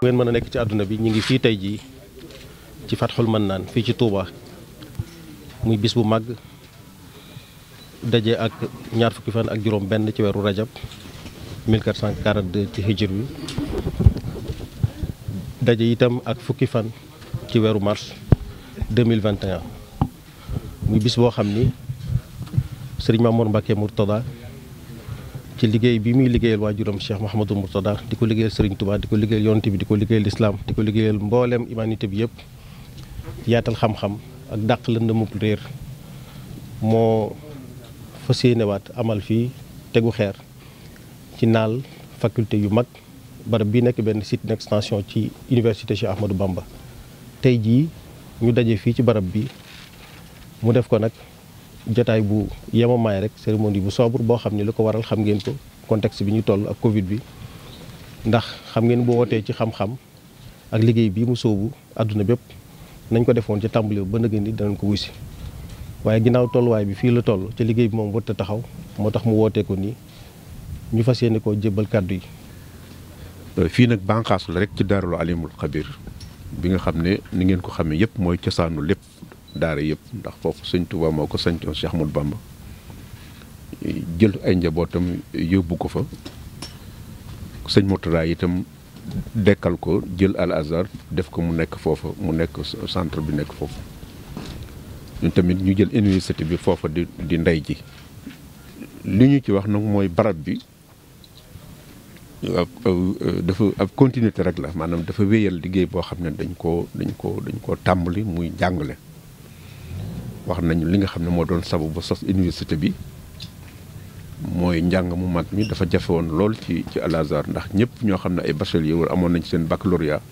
ngeen mën a nekk ci àdduna bi ñu ngi fii tey ji ci Fatxul naan fii ci Touba muy bis bu magg daje ak ñaar fukki fan ak juróom benn ci weeru rajab 1442 ci hijir bi daje itam ak fukki fan ci weeru mars 2021 muy bis boo xam ni sëriñ Mamour Mbacke Mourtada ci liggéey bi muy liggéeyal waajuram Cheikh Mouhamadou Mourtada di ko liggéeyal Serigne Touba di ko liggéeyal yonte bi di ko liggéeyal lislaam di ko liggéeyal mbooleem humanité bi yëpp yaatal xam-xam ak dàq lëndëmub réer moo fa yéenewaat amal fii tegu xeer ci naal faculté yu mag barab bi nekk benn site d'extension ci université Cheikh Ahmadou Bamba tey jii ñu daje fii ci barab bi mu def ko nag jotaay bu yemamaay rek cérémonie bu sobre boo xam ne li ko waral xam ngeen ko contexte bi ñu toll ak Covid bi ndax xam ngeen bu wootee ci xam-xam ak liggéey bii mu sóobu àdduna bépp nañ ko defoon ca tàmbali ba nëgën ni danañ ko wusi waaye ginnaaw tolluwaay bi fii la toll ci liggéey bi moom warut a taxaw moo tax mu wootee ko nii ñu fas yéene koo jébbal kàddu yi. fii nag bànqaas la rek ci daarul alimul xabir bi nga xam ne ni ngeen ko xamee yëpp mooy cosaanu lépp daara yëpp ndax foofu sëñ Touba moo ko sañtoon Cheikh Ahmadou Bamba jël ay njabootam yóbbu ko fa sëñ Mourtada itam dekkal ko jël Al Azhar def ko mu nekk foofa mu nekk centre bi nekk foofu ñun tamit ñu jël université bi foofa di di ndey ji li ñu ci wax nag mooy barab bi dafa ak continuité rek la maanaam dafa wéyal liggéey boo xam ne dañ koo dañ ko dañ koo tàmbali muy jàngale wax nañu li nga xam ne moo doon sababu ba sos université bi mooy njàng mu mag mi dafa jafe woon lool ci ci Al ndax ñëpp ñoo xam ne ay bachelier wala amoon nañ seen baccalauréat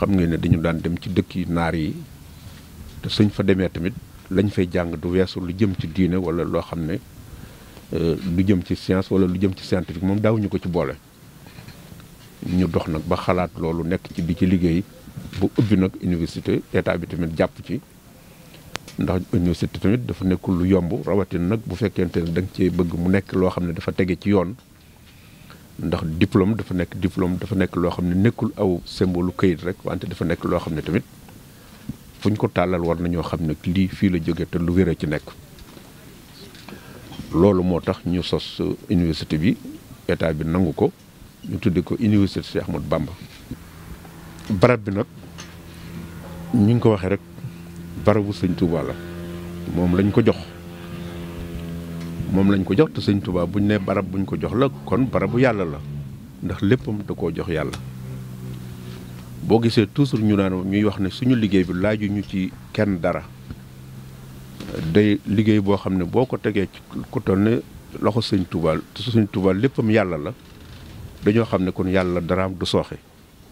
xam nga ne dañu daan dem ci dëkk yi naar yi te suñ fa demee tamit lañ fay jàng du weesu lu jëm ci diine wala loo xam ne euh, lu jëm ci science wala lu jëm ci scientifique moom daawuñu ko ci boole ñu dox nag ba xalaat loolu nekk ci di ci liggéey bu ubbi nag université état bi tamit jàpp ci ndax université tamit dafa nekkul lu yomb rawatin nag bu fekkente ne da nga cee bëgg mu nekk loo xam ne dafa tege ci yoon ndax diplôme dafa nekk diplôme dafa nekk loo xam ne nekkul aw symbole këyit rek wante dafa nekk loo xam ne tamit fu ñu ko tàllal war na ñoo xam ne lii fii la jóge te lu wér ci nekk loolu moo tax ñu sos euh, université bi état bi nangu ko ñu tudde ko université Cheikh Ahmadou Bamba barab bi nag ñu ngi ko waxee rek barabu sëñ Touba la moom lañ ko jox moom lañ ko jox te sëñ Touba buñ nee barab buñ ko jox la kon barabu yàlla la ndax léppam da koo jox yàlla. boo gisee toujours ñu naan ñuy wax ne suñu liggéey bi laaju ñu ci kenn dara day liggéey boo xam ne boo ko tegee ci ku toll ne loxo sëñ Touba te sëñ Touba léppam yàlla la dañoo xam ne kon yàlla daraam du sooxe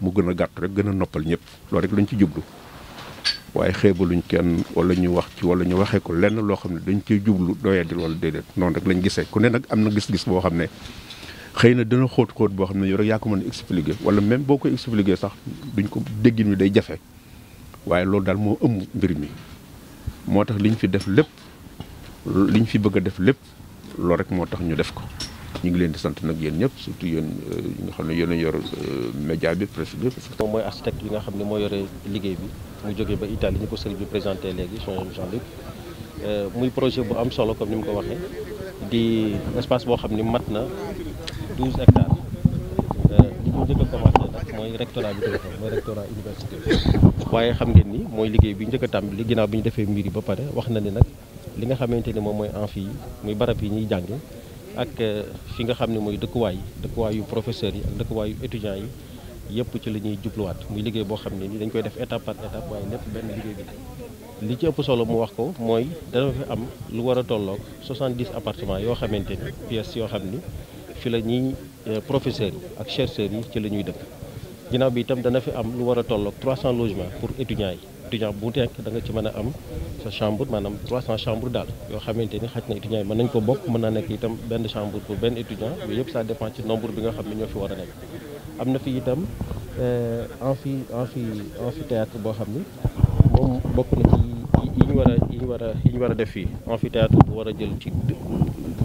mu gën a gàtt rek gën a noppal ñëpp loolu rek lañ ci jublu. waaye xeebaluñ kenn wala ñu wax ci wala ñu waxee ko lenn loo xam ne dañu cee jublu doyadil wala déedéet noonu rek lañ gisee ku ne nag am na gis-gis boo xam ne xëy na dana xóot xóot boo xam ne yow rek yaa ko mën a expliquer wala même boo koy expliquer sax duñ ko déggin mi day jafe waaye loolu daal moo ëmb mbir mi moo tax liñ fi def lépp liñ fi bëgg a def lépp loolu rek moo tax ñu def ko ñu ngi leen di sant nag yéen ñëpp surtout yéen euh, ñi nga xam ne yéen yor euh, média bi presse bi. moom mooy architecte bi nga xam ne moo yore liggéey bi mu jógee ba Italie ñu ko sëriñ bi présenté léegi Jean-Luc euh, muy projet bu am solo comme ni mu ko waxee di espace boo xam ni mat na douze hectares li ñu a commencé nag mooy rectorat bi ko mooy rectorat université waaye xam ngeen ni mooy liggéey bi njëkk a tàmbali ginnaaw bi ñu defee mbir ba pare wax na ni nag li nga xamante ni moom mooy amphi yi muy barab yi ñuy jànge ak euh, fi nga xam ne mooy dëkkuwaay dëkkuwaay yu professeurs yi ak yu étudiants yi yëpp ci la ñuy jubluwaat muy liggéey boo xam ne ni dañ koy def étape par étape waaye lépp benn liggéey bi li ci ëpp solo mu wax ko mooy dana fi am lu war a tolloog 70 appartements yoo xamante ni pièces yoo xam ni fi la ñuy euh, professeurs yi ak chercheurs yi ci la ñuy dëkk ginnaaw bi itam dana fi am lu war a tolloog 300 logements pour étudiants yi étudiant bu nekk da nga ci mën a am sa chambre maanaam 300 chambre daal yoo xamante ni xaj na étudiant yi mën nañ ko bokk mën naa nekk itam benn chambre pour benn étudiant yooyu yëpp ça dépend ci nombre bi nga xam ne ñoo fi war nekk am na fi itam amphi euh, amphi amphithéâtre boo xam ni moom bokk na ci yi ñu war a yi ñu war a yi ñu war a def fii amphithéâtre bu war a jël ci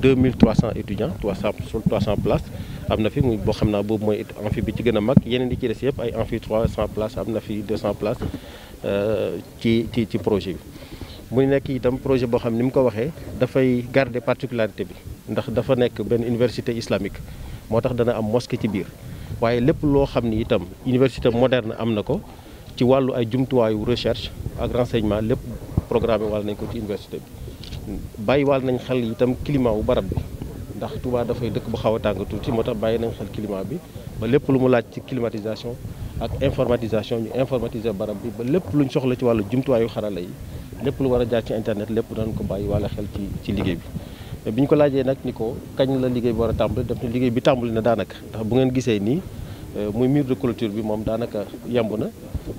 2300 étudiants 300 sur 300 places am na fi muy boo xam naa boobu mooy amphi bi ci gën a mag yeneen di ci des yëpp ay amphi 300 places am na fi 200 places euh, ci ci projet bi. mu nekk itam projet boo xam ni mu ko waxee dafay garder particularité bi ndax dafa nekk benn université islamique moo tax dana am mosquée ci biir waaye lépp loo xam ni itam université moderne am na ko ci wàllu ay jumtuwaayu recherche ak renseignement lépp programme wàll nañ ko ci université bi bàyyi wàll nañ xel itam climat wu barab bi. ndax tubaa dafay dëkk bu xaw a tàng tuuti moo tax bàyyi nañ xel climat bi ba lépp lu mu laaj ci climatisation ak informatisation ñu informatiser barab bi ba lépp lu ñu soxla ci wàllu jumtuwaayu xarala yi lépp lu war a jaar ci internet lépp danañ ko bàyyi wala xel ci ci liggéey bi bi ñu ko laajee nag ni ko kañ la liggéey bi war a tàmbali def na liggéey bi tàmbali na daanaka ndax bu ngeen gisee nii euh, muy miir de clôture bi moom daanaka yemb na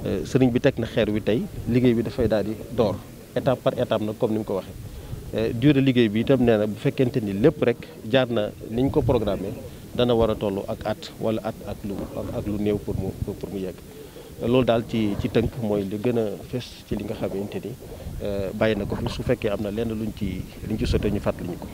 euh, sëriñ bi teg na xeer wi tey liggéey bi dafay daal di door étape par étape nag comme ni mu ko waxee Eh, durée liggéey bi itam nee na bu fekkente ni lépp rek jaar na ni ñu ko programmé dana war a toll ak at wala at ak lu ak lu néew pour mu pour mu yegg loolu daal ci ci tënk mooy li gën a fes ci li nga xamante ni eh, bàyyi na ko fi su fekkee am na lenn luñ ci luñ ci sote ñu fàttali ñu ko.